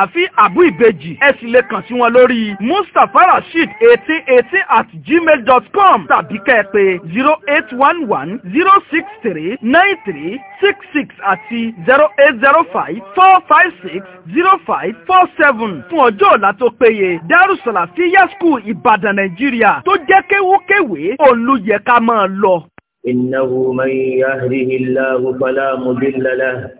sàràfí àbú ìbejì ẹ sì lè kàn sí wọn lórí mustapha rasheed eighteen eighteen at gmail dot com tàbí kẹ́ẹ̀pè zero eight one one zero six three nine three six six àti zero eight zero five four five six zero five four seven fún ọjọ́ ọ̀la tó péye darussalafiya school ìbàdàn nàìjíríà tó jẹ́ kéwúkéwé olùyẹ̀ká máa lọ. إنه من يهده الله فلا مضل له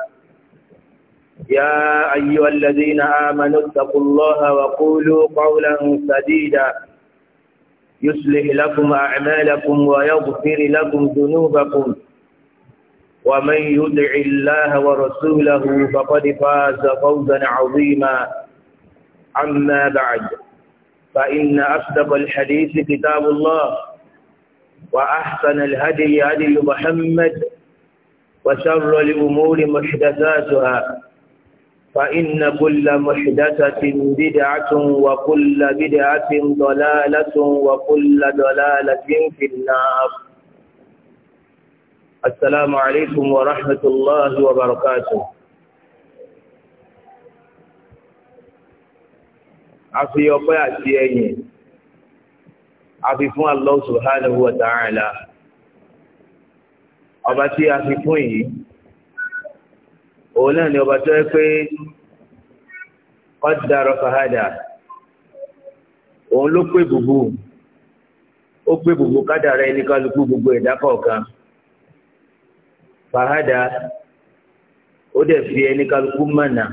يا أيها الذين آمنوا اتقوا الله وقولوا قولا سديدا يصلح لكم أعمالكم ويغفر لكم ذنوبكم ومن يدع الله ورسوله فقد فاز فوزا عظيما أما بعد فإن أصدق الحديث كتاب الله وأحسن الهدي هدي محمد وشر الأمور محدثاتها فإن كل محدثة بدعة وكل بدعة ضلالة وكل ضلالة في النار السلام عليكم ورحمة الله وبركاته àfi ọpẹ́ àti ẹ̀yìn àfi fún Allah subhanahu wa ta'ala ọba tí òun náà ni ọba tó yẹ pé qaddara fahada òun ló pé bùbù ó pé bùbù kádàrá ẹni kálukú gbogbo ẹ̀dá kọ̀ọ̀kan fahada ó dẹ̀ fi ẹni kálukú mọ̀nà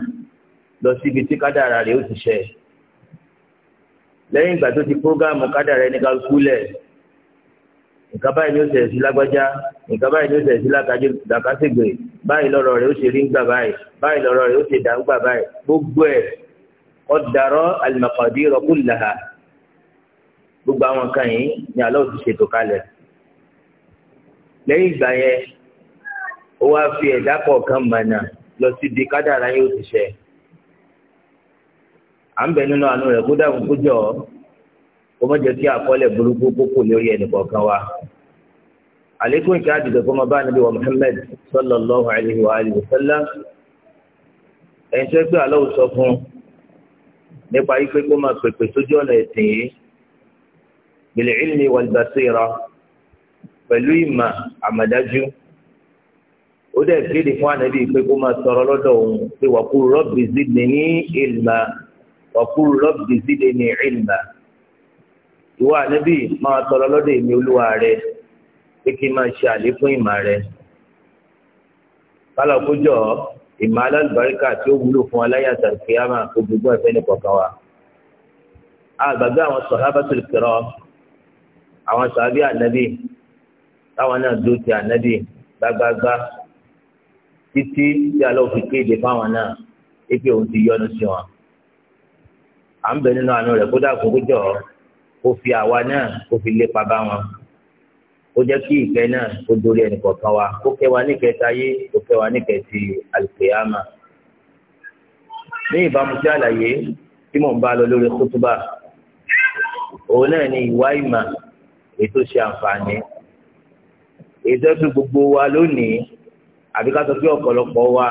lọ síbi tí kádàrá rẹ̀ ó ti ṣẹ lẹ́yìn ìgbà tó ti prógámù kádàrá ẹni kálukú lẹ̀ nǹkan báyìí ni ó ṣẹlẹ̀ sí lágbájá nǹkan báyìí ni ó ṣẹlẹ̀ sí làkàṣègbè báyìí lọ́rọ̀ rẹ̀ ó ṣe rí ńgbà báyìí báyìí lọ́rọ̀ rẹ̀ ó ṣe dà ńgbà báyìí gbogbo ẹ̀ ọ̀dàrọ̀ al-maqadira kullaha gbogbo àwọn nǹkan yìí ni Allah ti ṣètò kalẹ̀ lẹ́yìn ìgbà yẹn ó wá fi ẹ̀dá kọ̀ọ̀kan mọ̀nà lọ sí ibi kádàrá yóò ti ṣẹ à ń bẹ nínú àánú rẹ̀ kó dàrú kó jọ ọ́ kó má jẹ́ kí àkọọ́lẹ̀ burúkú kókò lórí ẹnìkọ̀ọ̀kan wa. àlékún ìkà àdìgbò kó máa bá níbi wa Muhammad sallallahu alayhi wa alihi wa sallam ẹ̀yin tó gbé àlọ́ sọ fún nípa ipe kó máa pèpè sójú ọ̀nà ẹ̀sìn yìí bil ilmi wal basira pẹ̀lú ìmọ̀ àmàdájú ó dẹ̀ kéde fún ànábì pé kó máa sọ̀rọ̀ lọ́dọ̀ òun pé wàkúrú rabbi zidni ilma wàkúrú rabbi zidni ilma ìwọ ànábì máa tọrọ lọ́dọ̀ èmi olúwa rẹ pé kí n máa ṣe àlékún ìmọ̀ rẹ kálọ̀ kójọ ìmọ̀ alálùbáríkà tí ó wúlò fún aláyàtà kìámà kó gbogbo ẹ̀fẹ́ ní kọ̀ọ̀kan wa àgbàgbé àwọn sọ̀hábàtúl kìrọ̀ àwọn sàbí ànábì táwọn náà dúró ti ànábì gbágbágbá títí tí aláwọ̀ fi kéde fáwọn náà pé òun ti yọ́nú sí wọn à ń bẹ nínú àánú rẹ̀ kó dà kókó jọ̀ ọ́ kó fi àwa náà kó fi lépa bá wọn ó jẹ́ kí ìkẹ́ náà kó dórí ẹnìkọ̀ọ̀kan wa kó kẹ́ wa níkẹta ayé kó kẹ́ wa níkẹtì àlùkìyàmà ní ìbámu sí àlàyé tí mò ń bá lọ lórí kútúbà òun náà ni ìwà ìmà ètò ṣe àǹfààní ètò ẹ̀sùn gbogbo wa lónìí àbí ká sọ pé ọ̀pọ̀lọpọ̀ wa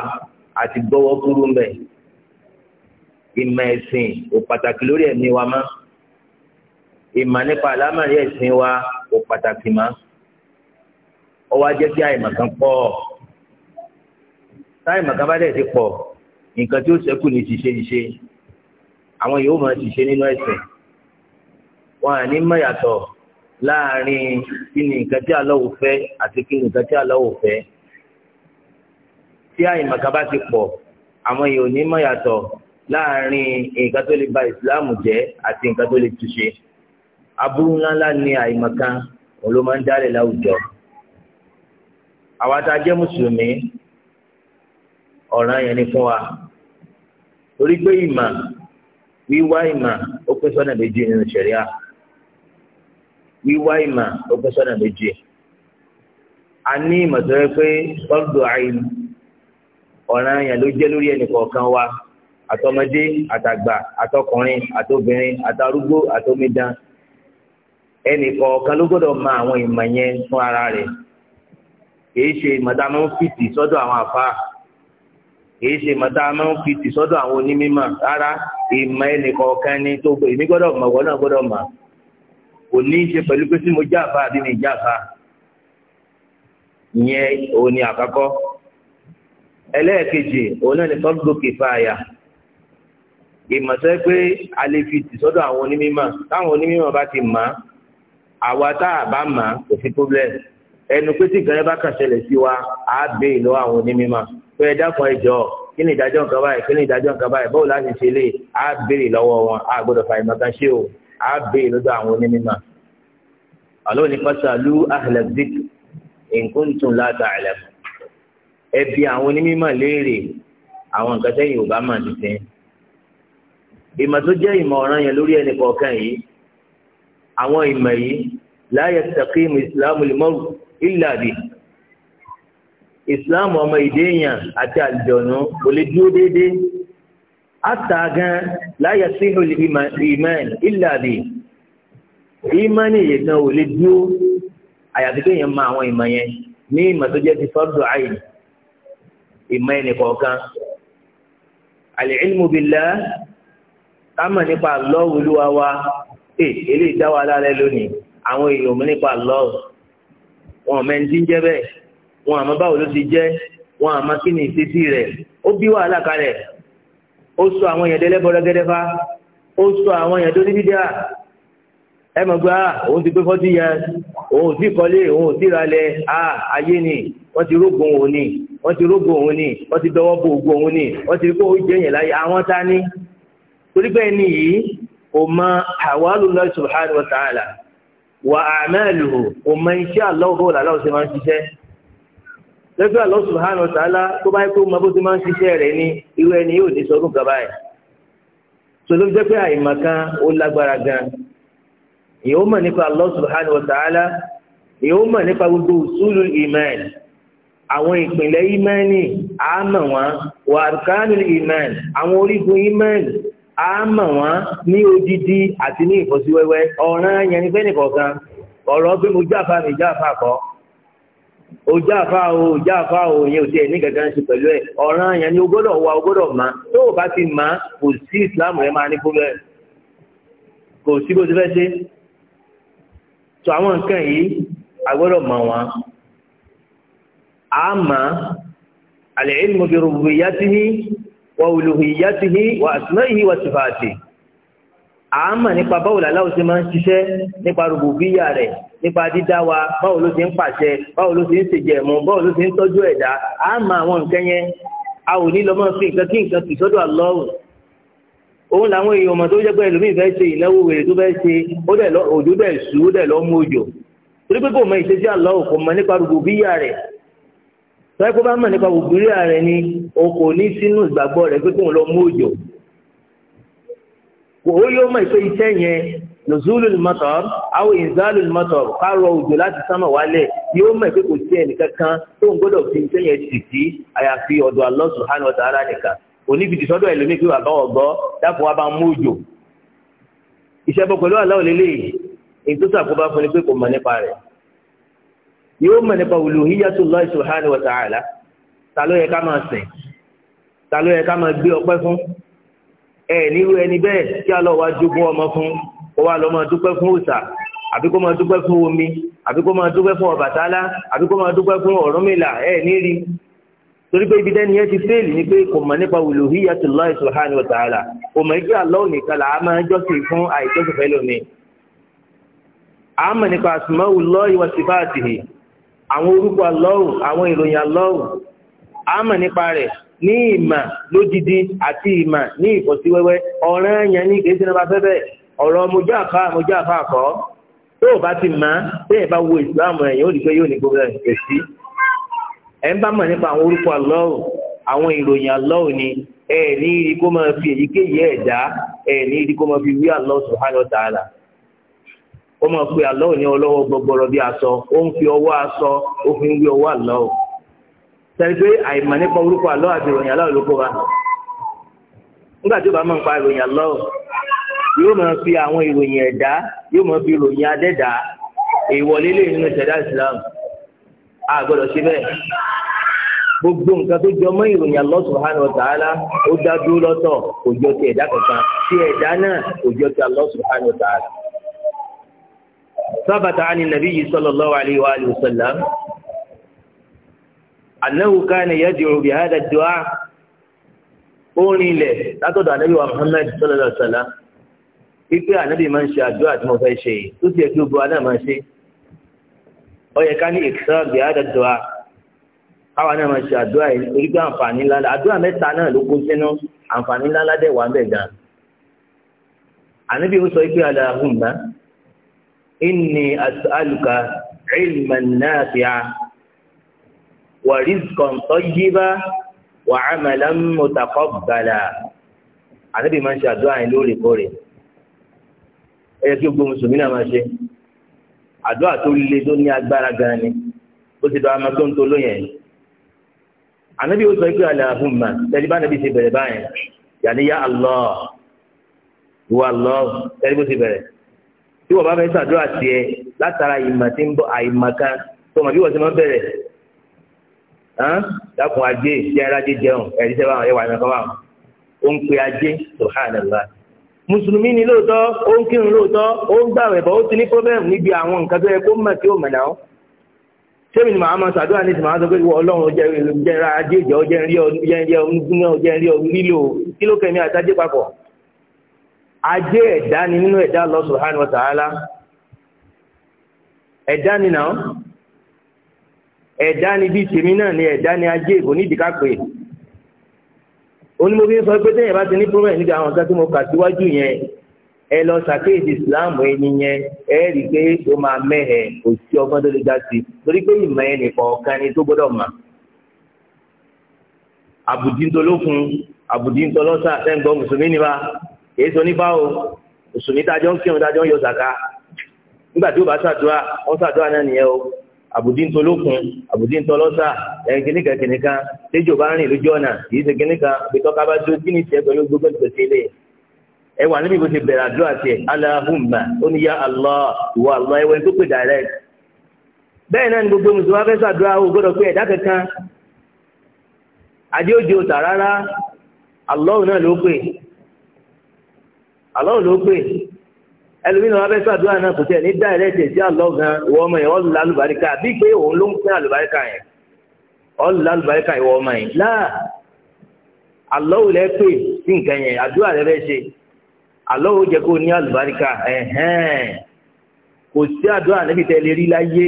àti gbọ́wọ́ kúrú mbẹ̀ ìmọ̀ ẹ̀sìn ò pàtàkì lórí ẹ̀mí wa máa ìmọ̀ nípa àlámàrí ẹ̀sìn wa kò pàtàkì mọ́ ọ wá jẹ́ kí àìmọ̀ kan pọ̀ táìmọ̀ kan bá dẹ̀ ti pọ̀ nǹkan tí ó ṣẹ́kù ní ṣiṣẹ́ ṣiṣẹ́ àwọn yòówù máa ṣiṣẹ́ nínú ẹ̀sìn wọn à ní mọ̀ láàrin kí ni nǹkan tí Allahu fẹ́ àti kí ni nǹkan tí Allahu fẹ́ tí àìmọ̀ kan bá ti pọ̀ àwọn yòówù ní mọ̀ yàtọ̀ láàrin nǹkan tó lè ba ìsìláàmù jẹ́ àti nǹkan tó lè túṣe aburú ńláńlá ni àìmọ̀kan òun ló máa ń dálẹ̀ láwùjọ àwa tá a jẹ́ mùsùlùmí ọ̀ràn yẹn ni fún wa torí pé ìmọ̀ wíwá ìmọ̀ ó pín sọ́nà méjì nínú ṣẹ̀ríà wíwá ìmọ̀ ó pín sọ́nà méjì a ní ìmọ̀ tó yẹ pé tọ́lùdù àìmọ̀ ọ̀ràn yẹn ló jẹ́ lórí ẹnìkọ̀ọ̀kan wa àtọmọdé àtàgbà àtọkùnrin àtobìnrin àtàrúgbó àtomidan ẹnì kọ̀ọ̀kan ló gbọ́dọ̀ ma àwọn ìmọ̀ yẹn fún ara rẹ̀ kìí ṣe ìmọ̀ta máa ń fìtì sọ́dọ̀ àwọn àfa kìí ṣe ìmọ̀ta máa ń fìtì sọ́dọ̀ àwọn onímọ̀ rárá ìmọ̀ tó gbé èmi gbọ́dọ̀ mọ̀ náà gbọ́dọ̀ mọ̀ kò ní í ṣe pẹ̀lú pé mo jáfa àbí mi jáfa ìyẹn òun ni àkọ́kọ́ ẹlẹ́ẹ̀kejì òun náà ni ìmọ̀ sẹ́ a lè fìtì sọ́dọ̀ àwọn onímọ̀ táwọn onímọ̀ bá ti mọ̀ á àwa tá a bá mà kò sí problem ẹnu pé tí ìkànnì bá kàn ṣẹlẹ̀ sí wa á bè lọ́wọ́ àwọn onímọ̀ pé ẹ dákun ẹ jọ kí ni ìdájọ́ nǹkan báyìí kí ni ìdájọ́ nǹkan báyìí báwo láti ṣe lè á béèrè lọ́wọ́ wọn á gbọ́dọ̀ fà ìmọ̀kan ṣe o á béèrè lọ́dọ̀ àwọn onímọ̀. àlọ́ ní fasalu ahla dhikr in kuntum la ta'lamun. ẹ bi àwọn onímọ̀ léèrè àwọn nǹkan tẹ́yìn ò bá mà nìsín. ìmọ̀ tó jẹ́ ìmọ̀ ọ̀ràn yẹn lórí ẹnì kọ̀ọ̀kan yìí àwọn ìmọ̀ yìí láyé sàkéèmù ìsìlámù lèmọ́rù ìlàdì ìsìlámù ọmọ ìdéèyàn àti àlùjọ̀nù kò lè dúró déédéé àtà gan láyé síhù ìmọ̀n ìlàdì ìmọ̀nì yìí gan ò lè dúró àyàfi kéèyàn mọ àwọn ìmọ̀ yẹn ní ìmọ̀ tó jẹ́ ti fọ́dọ̀ àyè ìmọ̀ ẹnì kọ̀ọ̀kan àlè ìlmù bìlá nípa lọ́wọ́ wa ee eh, eléyìí dá wa lálẹ́ lónìí àwọn èèyàn mi nípa lọ́ọ̀ wọn àmọ́ ẹni tí ń jẹ́ bẹ́ẹ̀ wọn àmọ́ báwo ló ti jẹ́ wọn àmọ́ kí ni ìṣesí rẹ̀ ó bí wàhálà kalẹ̀ ó sọ àwọn èèyàn délẹ́bọ̀rẹ́gẹ́dẹ́ fa ó sọ àwọn èèyàn tó ní bídíà ẹ mọ̀ gbá ah, òun ti pé forty years òun ò sí kọ́lé òun ò sí ralẹ̀ a ah, ayé ni wọ́n ti rógun òun ni wọ́n ti rógun òun ni wọ́n ti dọwọ́ bo ògùn òun ni wọ́n ti kó oúnjẹ yẹn láyé àwọn ta ni torí bẹ́ẹ̀ ni yìí وما حوال الله سبحانه وتعالى وأعماله وما إن شاء الله هو الله سبحانه وتعالى lẹ́gbẹ́ Allah subhanahu wa ta'ala tó bá yẹ kó mọ bó ti máa ń ṣiṣẹ́ rẹ̀ ní irú ẹni yóò ní sọ́dún gaba ẹ̀. sọlọ́ jẹ́ pé àìmọ̀ kan ó lágbára gan. ìyẹn ó mọ̀ nípa Allah subhanahu wa ta'ala ìyẹn ó mọ̀ nípa gbogbo usulu iman àwọn ìpìlẹ̀ imani àmọ̀ wọn wà arkanu iman àwọn orígun imani a mọ̀ ní odidi àti ní ìfọ́síwẹ́wẹ́ ọ̀ràn yẹn ọ̀rọ̀ bí mo jáfa mi jáfa kọ́ ojáfa o ojáfa o yẹn ò tiẹ̀ ní ṣe yẹn ni o gbọ́dọ̀ wá o gbọ́dọ̀ mọ̀ tó o bá ti mọ̀ kò Islam rẹ máa ní kò sí bó ti ṣe tó àwọn nǹkan yìí a gbọ́dọ̀ mọ̀ wọn a ya al wa uluhiyatihi wa asma'ihi wa sifatihi àmà nípa báwo làláwo ṣe máa ń ṣiṣẹ́ nípa rògbòbíyà rẹ̀ nípa dídá wa báwo ló ṣe ń pàṣẹ báwo ló ṣe ń ṣèjẹ̀mú báwo ló ṣe ń tọ́jú ẹ̀dá àmà àwọn nǹkan yẹn a ò ní lọ máa fi nǹkan kí nǹkan kì sọ́dọ̀ àlọ́wù òun làwọn èèyàn ọmọ tó jẹ́ ẹlòmíì fẹ́ ṣe ìnáwó wèrè tó fẹ́ ṣe ó dẹ̀ lọ òjò dẹ̀ sù dẹ̀ lọ mú òjò torí pé kò mọ ìṣesí àlọ́wù kò mọ nípa rògbòbíyà rẹ̀ tọ́yẹ́ kó bá mọ̀ nípa gbogbo rẹ̀ ni o kò ní sínú ìgbàgbọ́ rẹ̀ pé kóun lọ mú òjò kò ó yóò mọ̀ pé iṣẹ́ yẹn nùzúlù mọ́tọ̀ àwọn ìzálù mọ́tọ̀ kárọ̀ òjò láti sánmọ̀ wálẹ̀ yóò mọ̀ pé kò sí ẹnìkankan tó ń gbọ́dọ̀ fi iṣẹ́ yẹn tì àyàfi ọ̀dọ̀ Allah subhanahu wa ta'ala nìkan oníbìtì sọ́dọ̀ ẹlòmíì pé bàbá wa bá mú òjò iṣẹ́ bọ́ pẹ̀lú àlọ́ òlélẹ́yìn èyí tó sàkóbá fún yóò mọ̀ nípa uluhiyyatullah subhanahu wa ta'ala ta ló yẹ ká máa sìn ta ló yẹ ká máa gbé ọpẹ́ fún ẹ nírú ẹni bẹ́ẹ̀ kí a lọ wá jogún ọmọ fún kó wá lọ máa dúpẹ́ fún òòṣà àbí kó máa dúpẹ́ fún omi àbí kó máa dúpẹ́ fún Ọbàtálá àbí kó máa dúpẹ́ fún Ọ̀rúnmìlà ẹ nírí torí pé ibi dẹ́ni yẹn ti fẹ́ẹ̀lì ni pé kò mọ̀ nípa uluhiyyatullah subhanahu wa ta'ala kò mọ̀ ẹgbẹ́ Allah nìkan là á máa jọ́sìn fún àìjọ́sìn fẹ́ lómi. àmọ̀ nípa asma'ullahi àwọn orúkọ alọ́hùn àwọn ìròyìn alọ́hùn a mọ̀ nípa rẹ̀ ní ìmà lódidi àti ìmà ní ìfọ̀síwẹ́wẹ́ ọ̀rọ̀ ní ọ̀rọ̀ mojú àfa mojú àfa àkọ́ tó o bá ti mọ̀ bẹ́ẹ̀ bá wo ìsìlámù ẹ̀yìn ó rí yóò ní gbogbo ẹ̀ sí ẹ̀ ń bá mọ̀ nípa àwọn orúkọ àwọn ìròyìn fi èyíkéyìí ẹ̀ ní máa fi wí ó máa pe àlọ́ òní ọlọ́wọ́ gbọgbọrọ bí aṣọ ó ń fi ọwọ́ aṣọ fi ń wí ọwọ́ àlọ́ o sẹ́ni pé àìmọ̀ nípa orúkọ àlọ́ àti ìròyìn àlọ́ kó wa nígbà tí ó bá máa ń pa ìròyìn àlọ́ yóò máa fi àwọn ìròyìn ẹ̀dá yóò máa fi ìròyìn adẹ́dá ìwọlé a gbogbo nǹkan tó ìròyìn ó dá dúró lọ́tọ̀ kò jọ ti ẹ̀dá kankan ti ẹ̀dá náà kò jọ ti ثبت عن النبي صلى الله عليه وآله وسلم أنه كان يدعو بهذا الدعاء قولي له لا النبي محمد صلى الله عليه وسلم ipe anabi máa ń ṣe àdúrà tí mo fẹ́ ṣe yìí tó ti yẹ kí gbogbo aná máa ṣe ó yẹ ká ní ìkísà bí àdàdùà káwa náà máa ṣe àdúrà yìí torí pé àǹfààní ńláńlá àdúrà mẹ́ta náà ló kó sínú àǹfààní ńláńlá dẹ̀ wà ń bẹ̀ gan. ànábì ó sọ ipe àdàhùn náà inni as'aluka ilman nafi'a wa rizqan tayyiba wa 'amalan mutaqabbala Ànábì máa ń ṣe àdúrà yẹn lóòrèkóòrè ẹ yẹ kí gbogbo mùsùlùmí náà máa ṣe àdúrà tó le tó ní agbára gan ni ó ti dọ àmọ́ tó ń toló yẹn Ànábì ó sọ pé Allahumma tẹlifà Ànábì ti bẹ̀rẹ̀ báyẹn yàní ya Allah wà Allah tẹlifà ti bẹ̀rẹ̀ tí wọ́n bá fẹ́ ṣàdúrà tiẹ̀ látara ìmọ̀ tí ń bọ̀ àìmọ̀ kan tó mọ̀ bí wọ́n ti máa bẹ̀rẹ̀ dákun ajé tí ara jẹ jẹun ẹ̀rí sẹ́wà ẹ̀wà ìrànkan báwọn ó ń pe ajé subhanallah mùsùlùmí ni lóòótọ́ ó ń kírun lóòótọ́ ó ń gbàwẹ̀ bọ̀ ó ti ní problem níbi àwọn nǹkan tó yẹ kó mọ̀ tí ó mọ̀ náà sẹ́mi ni màá máa ṣàdúrà ní ìsìnkú àwọn sọ pé ọlọ́run jẹ́ ra ajé ìjọ jẹ́ ń rí ọ nílò kí ló kẹ́mi àtàjé papọ̀ ajé ẹ̀dá ni nínú ẹ̀dá Allah subhanahu wa ẹ̀dá ni náà ẹ̀dá ni bíi tèmi náà ni ẹ̀dá ni ajé kò ní onímọ̀bí sọ pé bá ti ní problem níbi àwọn nǹkan mo kà síwájú yẹn ẹ lọ ṣàkíyèsí ìsìláàmù ẹni yẹn ẹ rí i pé ó máa kò sí ọgbọ́n tó lè ga sí i torí pé ìmọ̀ ẹ nìkan ni tó gbọ́dọ̀ mọ̀ ẹ̀ ń gbọ́ mùsùlùmí ni kìí so nípa o mùsùlùmí tájọ́ ń kírun ń yọ zàká nígbàtí ó bá ṣàdúrà wọ́n ṣàdúrà náà nìyẹn o àbùdíńtò lókun àbùdíńtò lọ́sà ẹ̀yìn tẹ́jọ́ bá rìn lójú ọ̀nà kìí ṣe pẹ̀tọ́ ká bá kí ni tiẹ̀ pẹ̀lú gbogbo ẹ wà níbi ti bẹ̀rẹ̀ àdúrà tiẹ̀ ó ní yá Allah àlọ́ọ̀ ló pè ẹlòmínú abẹ́ sàdúrà náà kò tẹ̀ ní dáìrẹ́tì sí àlọ́ gan ìwọ ọmọ yẹn wọ́n lu alùbáríkà bí pé òun ló ń pín alùbáríkà yẹn wọ́n lu alùbáríkà ìwọ ọmọ yẹn láà àlọ́ọ̀ lẹ́ pè sí nǹkan yẹn àdúrà rẹ fẹ́ ṣe àlọ́ọ̀ jẹ́ kó ní alùbáríkà ẹ̀hẹ́n kò sí àdúrà níbi tẹ́ lè rí láyé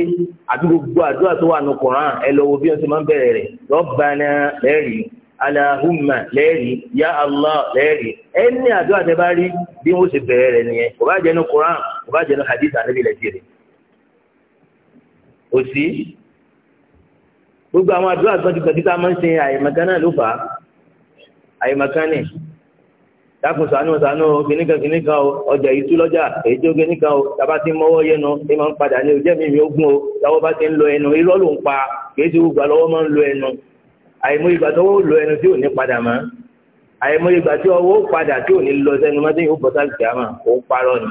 àti gbogbo àdúrà tó wà nù Kùránì ẹ lọ wo bí wọ́n ti máa ń bẹ̀rẹ̀ rẹ̀ lọ́ọ́ alahumma lẹ́ẹ̀rí ya allah lẹ́ẹ̀rí ẹni àdúrà tẹ bá rí bí wọ́n ṣe bẹ̀rẹ̀ rẹ̀ nìyẹn kò bá jẹnu quran kò bá jẹnu hadith anabi lẹ́jẹ̀rẹ̀ òsì gbogbo àwọn àdúrà gbọ́dọ̀gbọ́dọ̀ tá a máa ń ṣe àyèmọ̀kan náà ló fà á àyèmọ̀kan ni dákun sànú sànú kìnnìkan kìnnìkan o ọjà yìí tú lọ́jà èyí tó kìnnìkan o tàbá ti mọ́wọ́ yẹnu ẹ máa ń padà ní ojú ẹ̀mí mi ó gún o táwọ́ bá ti ń lo ẹnu irọ́ ló ń pa kì í ti gbà lọ́wọ́ máa ń lo ẹnu àìmọye ìgbà tó lọ ẹnu tí ò ní padà mọ́ àìmọye ìgbà tí ọwọ́ padà tí ò ní lọ sẹ́nu mọ́tò yóò bọ́ sáàkì àmà ó parọ́ ni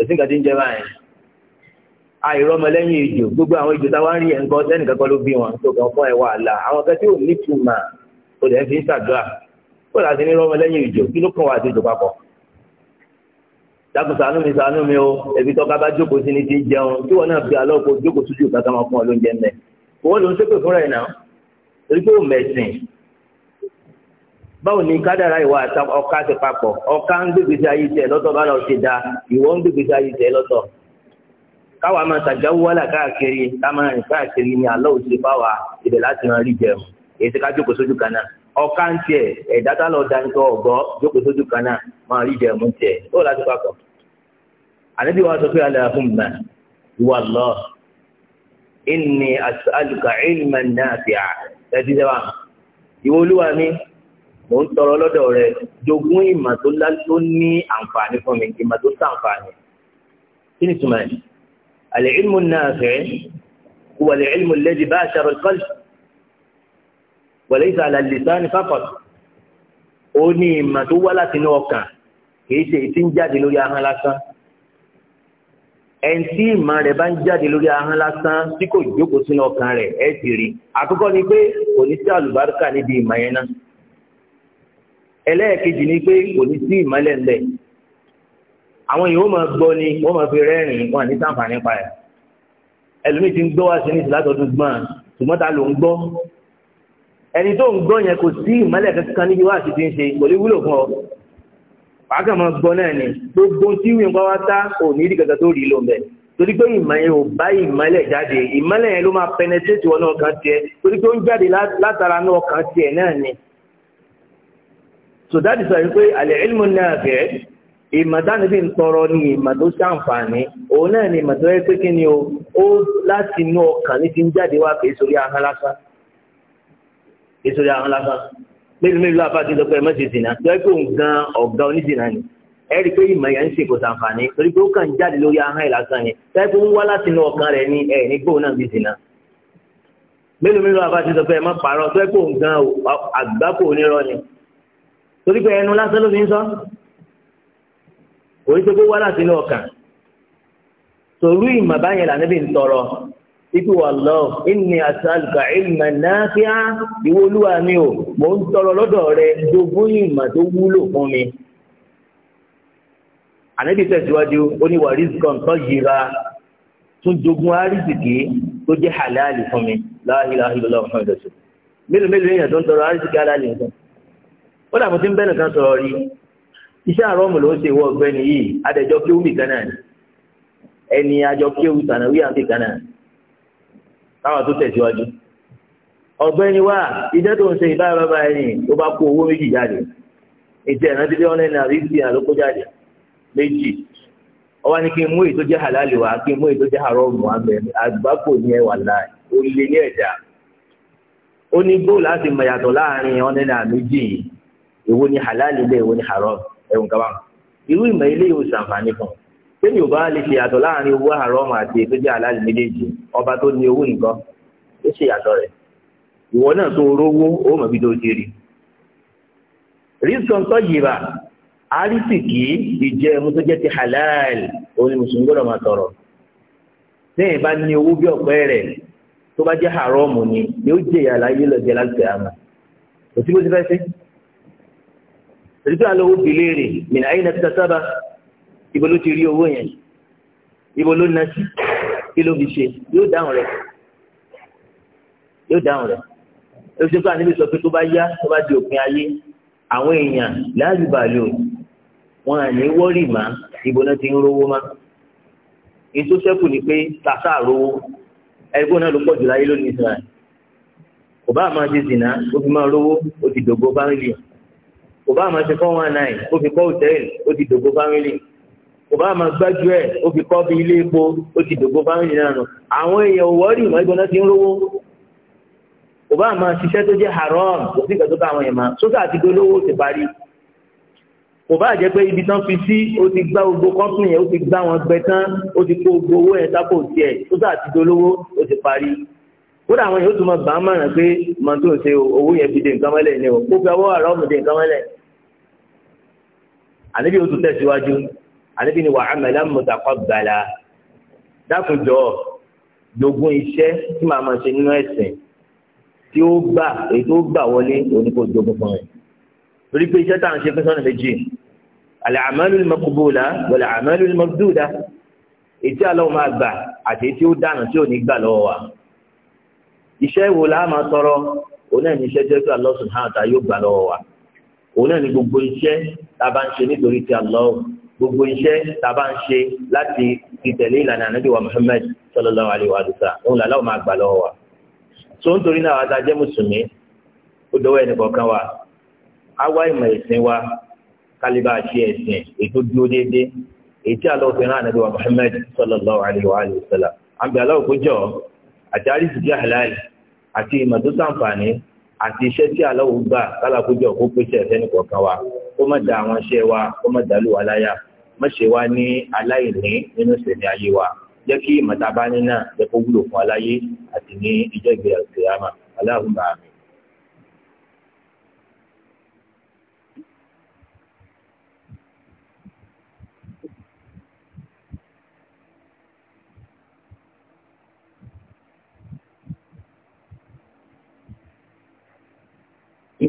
èsì nǹkan tí ń jẹ báyìí àìrọ́mọlẹ́yìn ìjò gbogbo àwọn ìjò táwa ń rí ẹ̀ ń kọ́ sẹ́nì kankan ló bí wọn tó kàn fún ẹ̀ wà là àwọn kan tí ò ní tùmà kò dẹ̀ fi ń ṣàdúrà kó láti ní rọ́mọlẹ́yìn ìjò kí ló kàn wá àti ìjò papọ̀ dákun ṣàánú mi ṣàánú mi o ẹbí tọ́ka bá jókòó sí ni ti jẹun tí wọn náà fi alọ́ jókòó torí pé ó mẹ̀sìn báwo ni kádàrá ìwà ọ̀ka ti papọ̀ ọ̀ka ń gbégbèsè ayé tiẹ̀ lọ́tọ̀ bá lọ ti da ìwọ ń gbégbèsè ayé tiẹ̀ lọ́tọ̀ káwa máa tàjáwó wálà káàkiri ká máa rìn káàkiri ni àlọ́ òsè fáwa ibẹ̀ láti máa rí jẹun èyí ti ká jókòó sójú kan náà ọ̀ka ń tiẹ̀ ẹ̀dá tá lọ dání ọ̀gọ́ jókòó sójú kan máa rí jẹun tiẹ̀ ẹtí sẹ́wà ìwọ olúwa mi mò ń tọrọ lọ́dọ̀ rẹ jogún ìmọ̀ tó lá tó ní àǹfààní fún mi ìmọ̀ tó sàǹfààní kí ni túmọ̀ ẹ̀ àlẹ́ ìlmù náà fẹ́ wà lẹ́ ìlmù lẹ́dí bá aṣọ kọ́lì wà lẹ́ ìsà sáni fáfọ̀t ó ní ìmọ̀ tó wá látinú ọkàn kì í ṣe ìtí lórí ahọ́n lásán ẹni tí ìmọ̀ rẹ̀ bá ń jáde lórí ahọ́n lásán tí kò jókòó sínú ọkàn rẹ̀ ẹ ti rí àkọ́kọ́ ni pé kò ní sí àlùbáríkà níbi ìmọ̀ yẹn náà ẹlẹ́ẹ̀kejì ni pé kò ní sí ìmọ̀lẹ̀ ńlẹ̀ àwọn èèyàn ó máa gbọ́ ni wọ́n máa fi rẹ́rìn-ín wọn ní sàǹfààní pa ẹ̀ ẹlòmíì ti ń gbọ́ wá sí ní ìsìlátọ̀dún gbọ́n ṣùgbọ́n ta ló ń gbọ́ ẹni tó ń gbọ́ yẹn kò sí ìmọ̀lẹ̀ kankan níbi wá pàákà máa gbọ́ náà ni gbogbo tí ìwé nǹkan wá tá ò ní ìdíkàtà tó rí lò mẹ́ torí pé ìmọ̀ yẹn ò bá ìmọ̀lẹ̀ jáde ìmọ̀lẹ̀ yẹn ló máa penetrate wọn náà kan tiẹ̀ torí pé ó ń jáde látara náà kan tiẹ̀ náà ni. so that is why pé àlẹ́ ìlmù náà fẹ́ ìmọ̀ táwọn ibi ń ni ìmọ̀ tó ṣàǹfààní òun náà ni ìmọ̀ tó yẹ pé kí ni o ó láti inú ọkàn ní ti ń jáde wá kì í sórí lásán kì í lásán mélòó mélòó àbájáde lọ pé ẹ má ṣe zìnà tó ẹ kó nǹkan ọ̀gá onízìnà ni ẹ rí i pé ìmọ̀ yẹn ń ṣe kò sàǹfààní torí pé ó kàn jáde lórí ahọ́n ẹ̀ lásán yẹn tó ẹ kó ń wá láti inú ọkàn rẹ̀ ní ẹ̀ ní gbóhùn náà bí zìnà mélòó mélòó àbájáde lọ pé ẹ má parọ́ tó ẹ kó nǹkan àgbákò onírọ́ ni torí pé ẹnu lásán ló fi ń sọ òye tó kó wá láti inú ọkàn ibi wà lọ ìní àtàlùkà ìmọ̀ náà fi á ìwọ olúwa mi o mò ń tọrọ lọ́dọ̀ rẹ dogun ìmọ̀ tó wúlò fún mi. ànábì tẹ̀síwájú ó ní wà rìsíkọ̀ ńtọ́ yìíra tún dogun àrísìkì tó jẹ́ halali fún mi láhìláhìlọ́lá ọ̀hún ìdọ̀tún. mélòó mélòó èèyàn tó ń tọrọ àrísìkì halali nǹkan. ó dàbò tí ń bẹ́ẹ̀ nìkan sọ̀rọ̀ rí iṣẹ́ àrọ́mù ló ń ṣe ìwọ ọ̀gbẹ́ni yìí káwọn tó tẹ̀síwájú ọ̀gbẹ́ni wa iṣẹ́ tó ń ṣe ìbá bàbá ẹni ló bá kó owó méjì jáde ètò ẹ̀rọ ti dé ọ́nà ẹ̀nà àbí ti hàn ló kó jáde méjì ọwọ́ ni kí n mú èyí tó jẹ́ halal wá kí n mú èyí tó jẹ́ haramu àmì àgbákò ní náà ó lé ní ẹ̀dá ó ní bó láti mọ̀ yàtọ̀ ni halal ilé èwo ni haram ẹ̀wọ̀n kaba irú ìmọ̀ ilé yóò tẹ́lẹ̀ ò bá lè ṣe yàtọ̀ láàrin owó àrọ́mù àti ètò jẹ́ aláàlì méjèèjì ọba tó ní owó nìkan ó ṣe yàtọ̀ rẹ̀ ìwọ náà tó rówó ó mọ̀ bí tó ṣe rí rísọ̀n tó yìrà àrísìkì ìjẹ́ ẹmu tó jẹ́ ti halal òun ni mùsùlùmí gbọ́dọ̀ máa tọrọ tẹ́yìn bá ní owó bí ọ̀pẹ rẹ̀ tó bá jẹ́ àrọ́mù ni yóò jẹ́ ìyàlá yé lọ́jẹ́ láti àmà ibo ló ti rí owó yẹn ibo ló ná sí kí ló fi ṣe yóò dáhùn rẹ̀ yóò dáhùn rẹ̀ oṣù kan níbi sọ pé tó bá yá tó bá di òpin ayé àwọn èèyàn láàbì bàlù wọn à ní wọ́rì má ibo náà ti ń rówó má ètò sẹ́kù ni pé tàṣà rówó ẹgbẹ́ náà ló pọ̀ jù láyé lónìí Israẹli kò bá máa ṣe zìnà ó fi máa rówó ó ti dògbò bámílì kò bá máa ṣe fọ́ wọn náà ó fi kọ́ òtẹ́ẹ̀lì ó ti dògbò bámílì kò bá máa gbájú ẹ̀ ó fi kọ́ bí ilé epo ó ti dògbò fámìlì náà nù àwọn èèyàn wọ́ọ̀rì ìmọ̀ ti ń rówó kò ṣiṣẹ́ tó jẹ́ haram kò sí ìgbàdókò àwọn èèyàn máa sókè àti dolówó ti parí kò bá jẹ́ pé ibi tán fi sí ó ti gbá gbogbo kọ́ńtìnì yẹn ó ti gbá wọn gbẹ tán ó ti kó gbogbo owó yẹn sápò tiẹ̀ sókè àti dolówó ó ti parí kódà àwọn yóò tún máa bá mọ̀ràn pé màá ṣe owó yẹn fi dé nǹkan mọ́lẹ̀ ni o kó fi ọwọ́ àrọ́ dé nǹkan mọ́lẹ̀ àníbi ó tẹ̀síwájú àdébí ni wà á mẹ́lá mọ̀tàkọ́ gbàlà dákùnjọ́ dogun iṣẹ́ tí màá máa ṣe nínú ẹ̀sìn tí ó gbà èyí tó gbà wọlé oníkó dogun fún rẹ̀ torí pé iṣẹ́ tá à ń ṣe pẹ́sọ́nà méjì àlẹ́ àmọ́lù mọ́kúbúlà wọlé àmọ́lù mọ́kúdúdà ètí àlọ́wọ́ máa gbà àti ètí ó dànù tí ò ní gbà lọ́wọ́ wa iṣẹ́ wo la máa tọrọ òun náà iṣẹ́ jẹ́ pé Allah subhanahu yóò gbà lọ́wọ́ wa òun náà gbogbo iṣẹ́ tá a bá ń ṣe nítorí ti Allah gbogbo iṣẹ́ tàbá ń ṣe láti ìtẹ̀lé ìlànà ànábì wa Muhammad sallallahu alayhi wa sallam òun làlá ò máa lọ́wọ́ wa. tó ń torí náà wá dájẹ́ mùsùlùmí ó dọwọ́ ẹnì kọ̀ọ̀kan wa á wá ìmọ̀ ẹ̀sìn wa kálíbà ṣe ẹ̀sìn ètò dúró déédéé èyí tí àlọ́ òfin rán ànábì wa Muhammad sallallahu alayhi wa sallam. àbí aláwọ̀ kó jọ àti àrísìkí àhàlàyé àti ìmọ̀ tó sàǹfààní àti iṣẹ́ tí aláwọ̀ gbà kálákójọ kó pèsè ẹ̀fẹ́ nìkọ̀ọ̀kan wa kó má da àwọn iṣẹ́ wa kó má dàlú wa láyà má ṣe wá ní aláìní nínú ìṣẹ̀mí ayé wa jẹ́ kí ìmọ̀tàbá nínà jẹ́ kó wúlò fún aláyé àti ní ìjọ ìgbéyàwó ìṣèyàmà aláàbùmọ̀ àmì.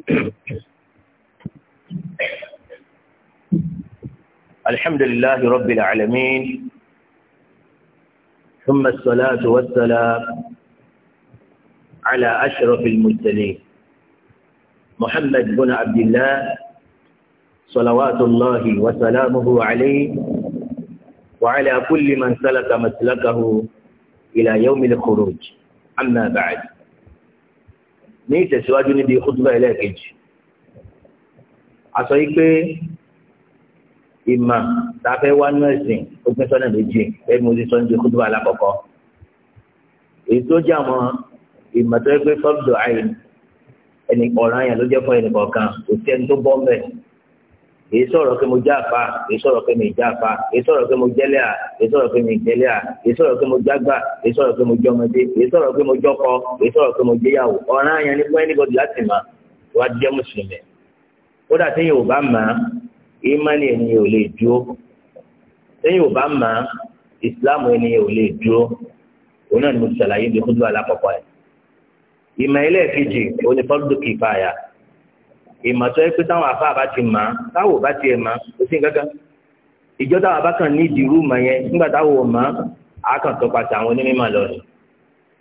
Thank you. الحمد لله رب العالمين ثم الصلاة والسلام على أشرف المرسلين محمد بن عبد الله صلوات الله وسلامه عليه وعلى كل من سلك مسلكه إلى يوم الخروج أما بعد نيت سواجني níbi khutbah ẹlẹ́ẹ̀kejì ìmọ̀ tàbẹ́ wá nú ẹ̀sìn ó pín sọ́nà méjì bẹ́ẹ̀ mo ti sọ níbi kúndùbà alákọ̀ọ́kọ́ èyí tó jẹ́ àwọn ìmọ̀ tó yẹ pé fọ́ọ̀dù àyè ẹnì ọ̀ràn yẹn ló jẹ́ fún ẹnì kọ̀ọ̀kan kò sí ẹni tó bọ́ mẹ́ èyí sọ̀rọ̀ pé mo jẹ́ àfa èyí sọ̀rọ̀ pé mi jẹ́ àfa èyí sọ̀rọ̀ pé mo jẹ́lẹ̀ à èyí sọ̀rọ̀ pé mi jẹ́lẹ̀ à èyí sọ̀rọ̀ pé mo jágbà èyí sọ̀rọ̀ pé mo jẹ́ ọmọdé èyí sọ̀rọ̀ pé mo jọ́kọ èyí sọ̀rọ̀ pé mo jẹ́yàwó ọ̀ràn yẹn ni fún ẹnìbọ̀dì láti mọ̀ ìmánì ènìyàn ò lè dúró lẹ́yìn ò bá mà á ìsìláàmù ènìyàn ò lè dúró òun náà ni mo ti ṣàlàyé ibi kúndùn alákọ̀ọ́kọ́ ẹ̀. ìmọ̀ ẹlẹ́ẹ̀kejì onífọ́dún kìfàyà ìmọ̀ tó yẹ pé táwọn bá ti mà táwọn ò bá tiẹ̀ mà á ó sì ń gángan ìjọ táwọn kan yẹn nígbà táwọn ò tó pàṣẹ àwọn onímọ̀ lọ ni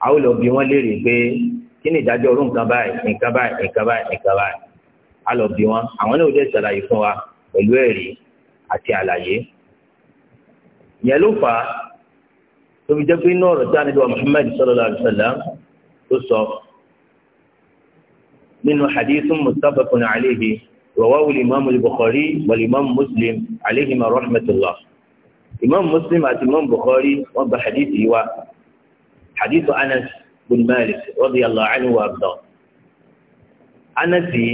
àwọn lọ bí wọ́n léèrè pé kí ni ìdájọ́ orú nǹkan báyìí pẹ̀lú ẹ̀rí àti àlàyé ìyẹn ló fà á tó fi jẹ́ pé inú ọ̀rọ̀ tí a nílò Muhammad sallallahu alaihi wasallam tó sọ nínú hadith muttafaqun alayhi rawahu al-imam al-bukhari wal-imam muslim alayhima rahmatullah imam muslim àti imam bukhari wọ́n gba hadith yìí wá hadith anas bin malik radiyallahu anhu wa abdul anasi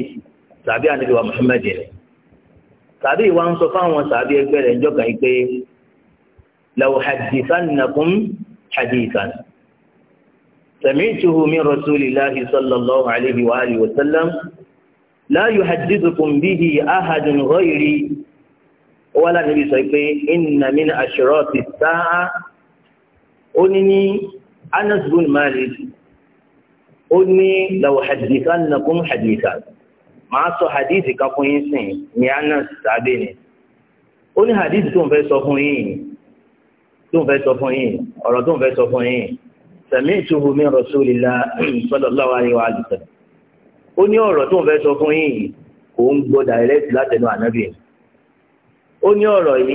sàbí àníbi wa Muhammad yẹn tàbí ìwà ń sọ fáwọn tàbí ẹgbẹ́ rẹ̀ ńjọ́ kan yìí pé law hadithannakum hadithan sami'tuhu min rasulillahi sallallahu alayhi wa alihi wa sallam la yuhaddithukum bihi ahadun ghayri wọ́n láti níbi sọ pé inna min ashrati sa'a ó ní Anas bin Malik ó ní law hadithannakum hadithan màá sọ hadith kan fún yín sìn ní anas sábẹ́ ni ó ní hadith tó ń fẹ́ sọ fún yín tó ń fẹ́ sọ fún yín ọ̀rọ̀ tó ń fẹ́ sọ fún yín sami'tuhu min rasulillah sallallahu alaihi wa sallam ó ní ọ̀rọ̀ tó ń fẹ́ sọ fún yín kò ń gbọ́ direct látẹnu ànábì ó ní ọ̀rọ̀ yìí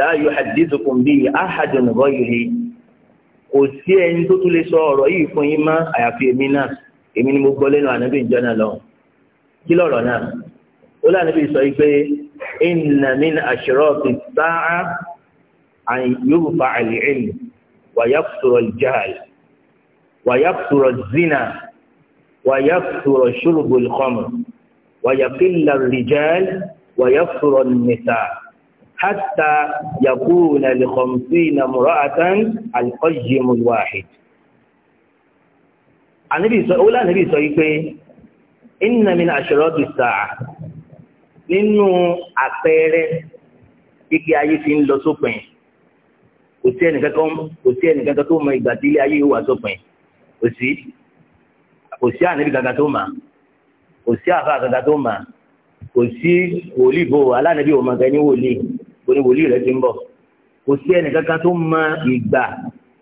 la yuhaddithukum bihi ahadun ghayri kò sí ẹni tó tún lè sọ ọ̀rọ̀ yìí fún yín mọ́ àyàfi èmi náà èmi ni mo gbọ́ lẹ́nu ànábì ìjọ náà lọ́wọ́ kí lọ́rọ̀ náà ó lànà bí sọ pé inna min ashrati sa'a an yurfa al-ilm wa yakthura al-jahl wa yakthura az-zina wa yakthura shurbu al-khamr wa yaqilla ar-rijal wa yakthura an-nisaa hatta yakuna li ó lànà bí sọ pé inna min ashrati sa'a nínú àpẹẹrẹ gbígbé ayé fi ń lọ sópin kò sí ẹnìkankan kò sí ẹnìkankan tó mọ ìgbà tí ilé ayé wà sópin kò sí kò sí ànábì kankan tó mà kò sí àfa kankan tó mà kò sí wòlíì bò alánàbí ò mọ nǹkan ní wòlíì kò wòlíì rẹ ti ń bọ̀ kò sí ẹnìkankan tó mọ ìgbà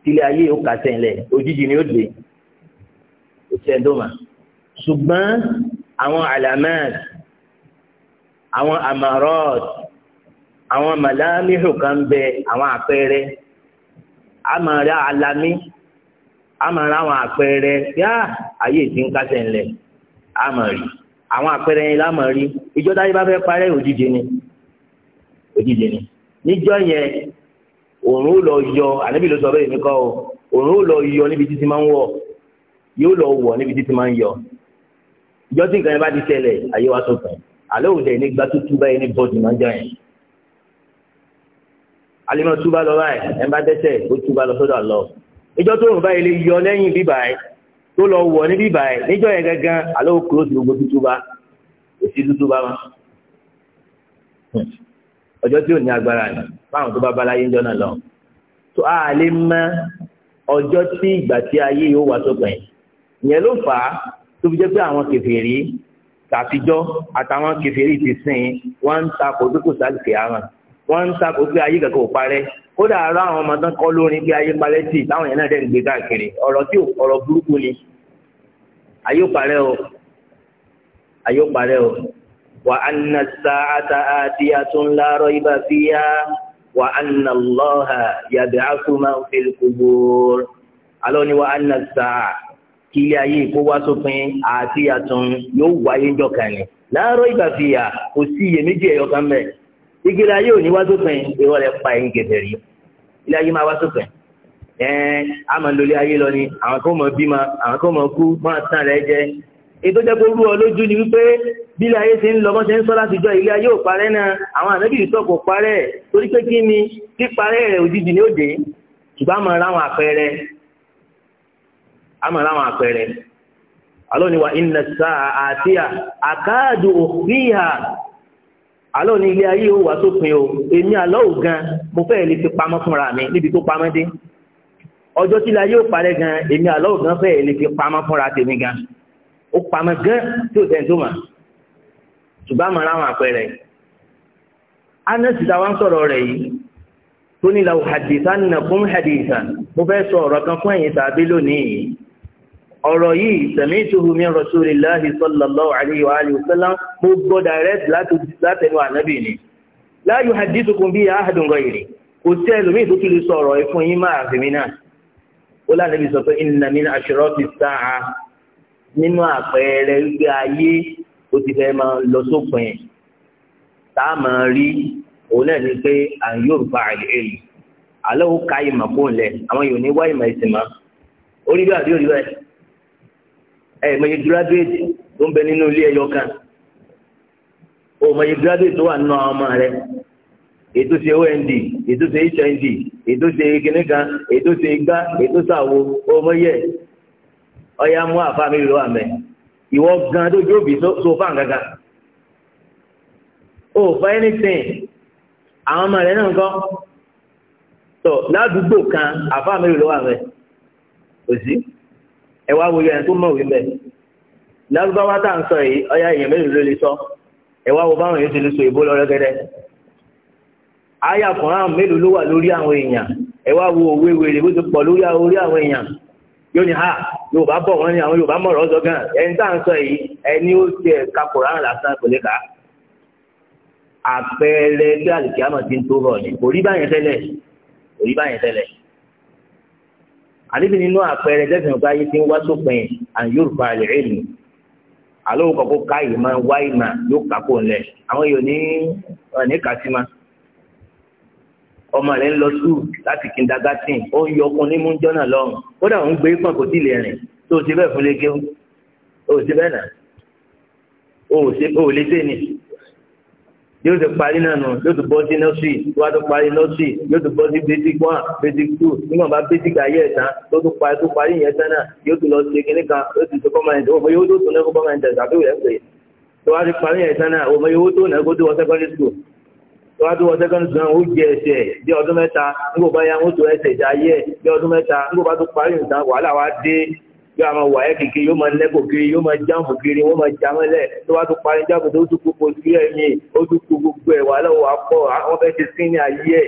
tí ilé ayé ó kà sẹ́yìn lẹ̀ òjijì ni ó dé kò sí ẹni tó mà ṣùgbọ́n àwọn alamat àwọn amarot àwọn malamihu kan bẹ àwọn àpẹẹrẹ amara alami amara àwọn àpẹẹrẹ yá ayé ti ń kásẹ̀ ńlẹ̀ amari àwọn àpẹẹrẹ yẹn lámari ìjọba yìí bá fẹ́ parẹ́ òjijì ni òjijì ni níjọ́ yẹn òòrùn lọ yọ ànábì ló sọ bẹ́ẹ̀ mi kọ́ o òòrùn lọ yọ níbi títí máa ń wọ̀ yóò lọ wọ̀ níbi títí máa ń yọ ìjọ tí nǹkan yẹn bá ti ṣẹlẹ̀ ayé wa sọ̀tàn àlẹ́ òde ní gba tútú báyìí ní bọ́ọ̀dù máa ń jọ yẹn. alimọ̀ túbà lọ báyìí ẹ̀ ń bá dẹ́sẹ̀ ó túbà lọ sọ́dọ̀ lọ. ìjọ tó rùn báyìí lè yọ lẹ́yìn bíbà ẹ̀ tó lọ wọ̀ ní bíbà ẹ̀ níjọ yẹn gangan àlẹ́ ò kúrò sí gbogbo tútú bá kò sí tútú bá wọn. ọjọ́ tí ò ní agbára ni fáwọn tó bá balayé ń jọ náà lọ. tó a lè mọ ọjọ́ tí ìgbà tí ayé yóò wá sópin ìyẹn ló fà á tó fi jẹ́ pé àwọn kèfèrí àtijọ́ àtàwọn kèfèrí ti sìn wọ́n ń takò pé kò sáà kè wọ́n ń takò pé ayé kankan ò parẹ́ kódà ara àwọn ọmọ tán kọ́ lórin pé ayé parẹ́ tì táwọn yẹn náà dẹ́nu gbé káàkiri ọ̀rọ̀ tí ọ̀rọ̀ burúkú ni ayé parẹ́ o ayé parẹ́ o wà á nà sàátà àti àtúnlárọ̀ ibà fíyà wà á nà lọ́hà yàbẹ̀ àfúmá fil qubur alọ́ ni wà á nà sàá kí ilé ayé kó wá sópin àti àtún yóò wáyé ńjọ́ kan ni láàárọ̀ ìgbà fìyà kò sí iyèméjì ẹ̀yọ kan mẹ́ ìgbélé ayé ò ní wá sópin ìwọ rẹ̀ pa ẹ̀yìn gẹ̀dẹ̀ rí ilé ayé máa wá sópin ẹ̀ẹ́n a máa ayé lọ ni àwọn kan mọ̀ bímọ àwọn kan mọ̀ kú máa tán rẹ̀ jẹ ètò jẹ́ pé rú ọ lójú ni wípé bí ilé ayé ti ń lọ bọ́n ṣe ń sọ láti jọ ilé ayé ò parẹ́ náà àwọn ànábì ìsọ kò àmọ́ láwọn àpẹẹrẹ alóòní wa iná sáà àti àkáàdù òfíhà alóòní ilé ayé ó wà sópin o èmi àlọ́ ò gan mo fẹ́ lè fi pamọ́ fúnra mi níbi tó pamọ́ dé ọjọ́ tí ilé ayé ó parẹ́ gan èmi àlọ́ ò gan fẹ́ lè fi pamọ́ fúnra tèmi gan ó pamọ́ gan tí ò tẹ́ntó mà ṣùgbọ́n àmọ́ láwọn àpẹẹrẹ anẹ́sì táwọn sọ̀rọ̀ rẹ̀ yìí tó ní làwọn hadithan fún hadithan mo fẹ́ sọ ọ̀rọ̀ kan fún ẹ̀yin tàbí lónìí yìí ọ̀rọ̀ yìí sẹ̀mí ìṣòro mi rasulillahi sallallahu alayhi wa alihi wa sallam mo gbọ́ direct látẹnu ànábì ni la yuhaddithukum bihi ahadun ghayri kò sí ẹlòmíì tó tún lè sọ ọ̀rọ̀ ẹ̀fún yín máa fèmí náà ó lánàbí sọ pé inna min ashrati sa'a nínú àpẹẹrẹ gbígbé ayé ó ti fẹ́ máa lọ sópin tá a máa rí òun náà ni pé à àlè àlọ́ ó ka ìmọ̀ kó lẹ̀ àwọn yòó ní wá ìmọ̀ ìsìn mọ́ orí bẹ́ẹ̀ àbí orí bẹ́ẹ̀ ẹ mọye gíráduwéètì tó ń bẹ nínú ilé ẹyọ kan o mọye gíráduwéètì tó wà nínú àwọn ọmọ rẹ ètò ṣe ond ètò ṣe hnd ètò ṣe kìnnìkan ètò ṣe igbá ètò ṣàwo o mọye ọyà mú àfa mi lọ àmẹ ìwọ gan tó jóòbí sofa gangan o fa anything àwọn ọmọ rẹ náà ń kọ tó ládùúgbò kan àfa mi àmẹ kò sí ẹ wá wo yẹn tó mọ̀wé mbẹ́ lárúbáwá tá à ń sọ yìí ọyá èèyàn mélòó ló lè sọ ẹ wá wo báwọn èèyàn ti lè sọ èbó lọ́rọ́gẹ́dẹ́ àyà kùnrán mélòó ló wà lórí àwọn èèyàn ẹ wá wo òwe wèrè bó ti pọ̀ lórí orí àwọn èèyàn yóò ní ha yorùbá bọ̀ wọ́n ní àwọn yorùbá mọ̀rọ̀ ọ̀sọ̀ gan ẹni tá à ń sọ yìí ẹni ó ti ẹ̀ka kùnrán lásán kò lè kà á àpẹẹrẹ bí àlùkìyàmọ̀ ti ń tó bọ̀ ní kò báyẹn tẹ́lẹ̀ kò báyẹn tẹ́lẹ̀ àdébì nínú àpẹẹrẹ dẹ́sìn ọ̀gá yìí ti ń wá sópin àn yorùbá rẹ̀ rẹ̀ nù àlọ́ òkọ̀kọ̀ ká yìí máa wá ìmà yóò kákó ńlẹ̀ àwọn yòó ní ọ̀nì kàtímà ọmọ rẹ̀ ń lọ sùúrù láti kindergarten ó ń yọ ọkùnrin mú jọ́nà lọ́rùn kódà òun gbé pọ̀ kò tí lè rìn tó o ṣe bẹ́ẹ̀ fún lé o ò ṣe bẹ́ẹ̀ náà o ò lè ṣe yóò ti parí náà nù yóò ti bọ́ sí nọ́ọ̀sì tó bá tó parí nọ́ọ̀sì yóò ti bọ́ sí basic one basic two nígbà bá basic ayé ẹ̀ tán tó tó parí tó parí yẹn tán náà yóò ti lọ sí kinní kan yóò ti tó permanent owó yóò tó tó náà kó permanent ẹ̀ tàbí rẹ̀ pé tó bá ti parí yẹn tán náà òmò yóò tó náà kó tó wọ secondary school tó bá tó wọ secondary school náà ó jẹ ẹsẹ̀ bí ọdún mẹ́ta nígbà bá yà wọ́n tó ẹsẹ̀ yóò àwọn wàyẹ́ kìkì yóò máa lẹ́kọ̀ọ́ kiri yóò máa jáàmù kiri wọ́n máa já mọ́lẹ̀ tó wá tó parí jáàmù tó tún kókó sí ẹ̀mí ó tún kó gbogbo ẹ̀ wà lọ́wọ́ akọ àwọn fẹ́ ti sín ní ayé ẹ̀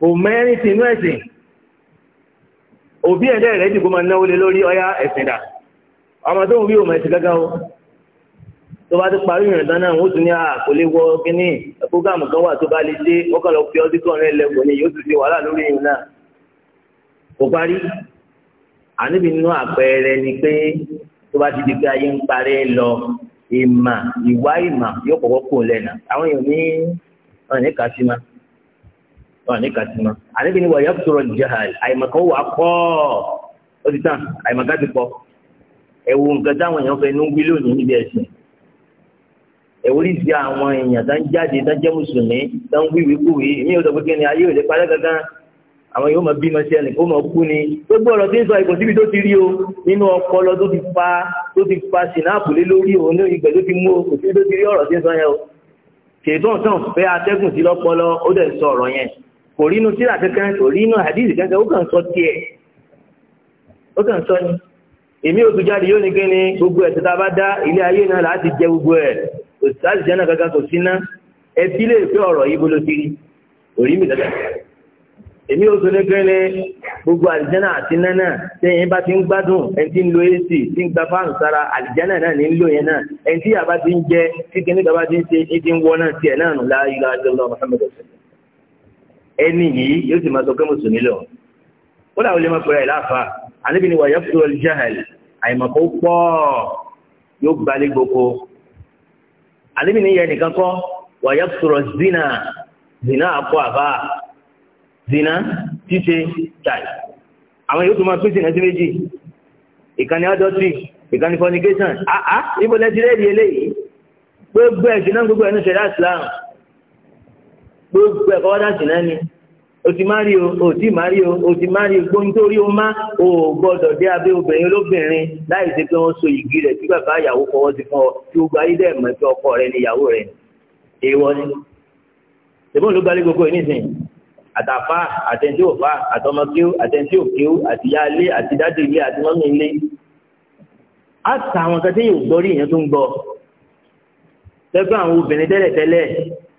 kò mẹ́rin sí inú ẹ̀sìn òbí ẹ̀dẹ́ rẹ̀ dìgbò máa náwó lé lórí ọyá ẹ̀sìn dà ọmọ tó ń wí òmò ẹ̀sìn gángan o tó bá ti parí ìrìn tán náà wọ́n tún ní kò lè wọ kínní fúgàmù kan wà tó bá lè dé ó kàn lọ fi ọdún kan rẹ̀ lẹ́kọ̀ọ́ ni yóò tún ṣe wàhálà lórí ìrìn kò parí àníbi nínú àpẹẹrẹ ni pé tó bá ti di pé ayé ń parẹ́ lọ ìmà ìwá ìmà yóò kọ́kọ́ kó lẹ́nà àwọn èèyàn ní ọ̀nà ní kàṣímà ọ̀nà ní kàṣímà àníbi ni wọ̀nyẹ́ sọ̀rọ̀ jahal àìmọ̀kan wà pọ̀ ó ti tàn àìmọ̀kan ti pọ̀ ẹ̀wù nǹkan táwọn èèyàn fẹ́ ní wí lónìí níbi ẹ̀sìn ẹ̀wù rí sí àwọn èèyàn tá ń jáde tá ń jẹ́ mùsùlùmí tá ń wíwí kúwì mí ò sọ pé kí ni ayé ò lè parẹ́ gangan àwọn yóò máa bímọ sí ẹnì kó máa kú ni gbogbo ọ̀rọ̀ tí ń sọ ìkùn síbi tó ti rí o nínú ọpọlọ tó ti fa tó ti fa sinapu lé lórí òun ní ìgbẹ́ tó ti mú o kò síbi tó ti rí ọ̀rọ̀ tí ń sọ yẹn o ṣètò ọ̀tàn fẹ́ atẹ́gùn sí lọ́pọlọ ó dẹ̀ sọ ọ̀rọ̀ yẹn kò rí inú síra kankan kò rí inú hadith kankan ó kàn sọ ni èmi ò jáde yóò ní kíni gbogbo ẹ̀sìn tá a bá dá ilé ayé náà láti jẹ gbogbo ẹ̀ kò láti jẹ́ náà kankan kò sí ná ẹ sílé ìfẹ́ ọ̀rọ̀ yìí bó ló ti rí kò mi kankan èmi ò sọlé pẹ́lẹ́ gbogbo àlìjánà àti nánà tẹ́yìn bá ti ń gbádùn ẹni tí ń lo ac tí ń gba fáànù sára àlìjánà náà ní ń lò yẹn náà ẹni tí àbá ti ń jẹ tí kìíní kaba ti ń ṣe é ti ń wọ náà tiẹ̀ náà nù láàyè láàyè lọ́wọ́ Muhammadu ẹni yìí yóò sì máa sọ pé mùsùlùmí lọ ó dàwọn lè máa pẹ̀lú àìláfà àníbi ni wàyẹ̀ fún olùjáhàl àìmọ̀kọ́ pọ̀ yóò gbalẹ̀ zina ṣíṣe tàì àwọn yóò tún máa pín sínú sí méjì ìkànnì adọ́tì ìkànnì fornication àá ah, ah, níbo lẹ́tí rẹ́ẹ̀dì eléyìí gbogbo ẹ̀sìn náà gbogbo ẹ̀nu ṣẹ̀dá islam gbogbo ẹ̀kọ́ wọ́dà sí náà ni o ti máa rí o o ti máa rí o o ti máa rí o gbóhùn tó rí o má o gbọ́dọ̀ dé abẹ́ obìnrin olóbìnrin láì ṣe pé wọ́n so ìgì rẹ̀ tí bàbá ìyàwó fọwọ́ sí fún ọ tí o gba ayédè mọ̀ pé ọkọ rẹ ni ìyàwó rẹ èèwọ̀ ni ṣùgbọ́n ló gbalẹ̀ gbogbo ẹ̀ nísìnyí àtàfà àtẹ̀ntì òfà àtọmọkíw àtẹ̀ntì òkíw àtìyá ilé àti dájú ilé àti mọ́mí ilé. á ta àwọn kan tí yóò gbọ́ rí èèyàn tó ń gbọ́. lẹ́gbẹ́ àwọn obìnrin tẹ́lẹ̀tẹ́lẹ̀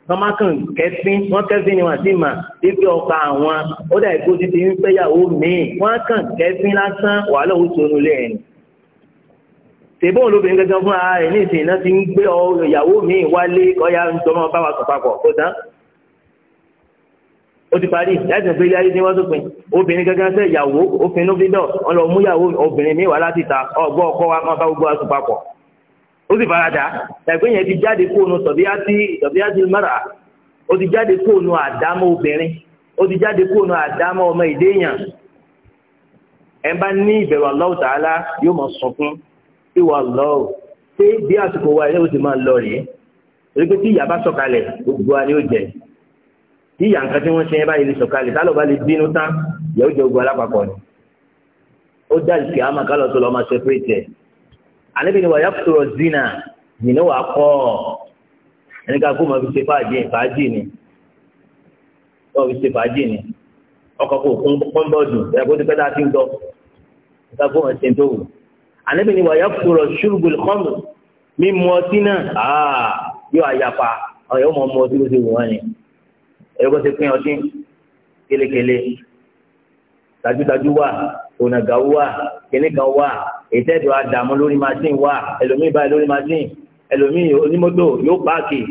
wọ́n má kàn kẹ́fín wọ́n kẹ́fín ni wọ́n sì mà fífi ọkọ̀ àwọn ó dà ìkó títí ń fẹ́yàwó míì wọ́n kàn kẹ́fín lásán wàhálà ó sọnù lẹ́yìn. tèbóun lóbìnrin gẹ́gẹ́ fún ara rẹ̀ ní ìsìn náà ti ń gbé ìyàwó míì wálé ọ̀yà ń jọmọ́ bá wa sọ̀ papọ̀ kó tán ó ti parí ẹ̀sìn pé yáyé ní wọ́n tó pin obìnrin gángan sẹ́ ìyàwó òfin ló fi dọ̀ wọ́n lọ mú ìyàwó obìnrin mi wá láti ta ọgbọ́ ọkọ wa máa bá gbogbo aṣọ papọ̀ ó sì farada ẹ̀gbẹ́ yẹn ti jáde fóònù tọ̀bíyàtì tọ̀bíyàtì mẹ́ra ó ti jáde fóònù àdámọ́ obìnrin ó ti jáde fóònù àdámọ́ ọmọ ìdéyàn ẹ̀ bá ní ìbẹ̀rù Allah Ta'ala yóò máa sọ fún ìwà Allah ṣé bí àsìkò wa ẹ̀ tí ìyà nǹkan tí wọ́n ṣe báyìí lè sọ̀kalẹ̀ tá ló bá lè bínú tán yóò jẹ́ ogun alápapọ̀ ni ó dá ìsì àmà kálọ̀ tó lọ́ máa ṣe pé tẹ̀ àníbi ni wàá yàtọ̀ zina nínú kọ́ ọ ẹni ká kó máa fi ṣe fàájì fàájì ni wọ́n fi ṣe fàájì ni ọkọ̀ kò kún pọ́ńbọ́ọ̀dù ẹ̀ kó ti pẹ́ tá a ti ń dọ́ ká kó máa ṣe tó wù àníbi ni wàá yàtọ̀ ẹ̀rọ ti pín ọtí kélekèle tajútajú wà ònàgàwó wà kìnìkan wà ìtẹ́jọ́ àdàmú lórí machine wà ẹlòmíì báyìí lórí machine ẹlòmíì onímọ́tò yóò páàkì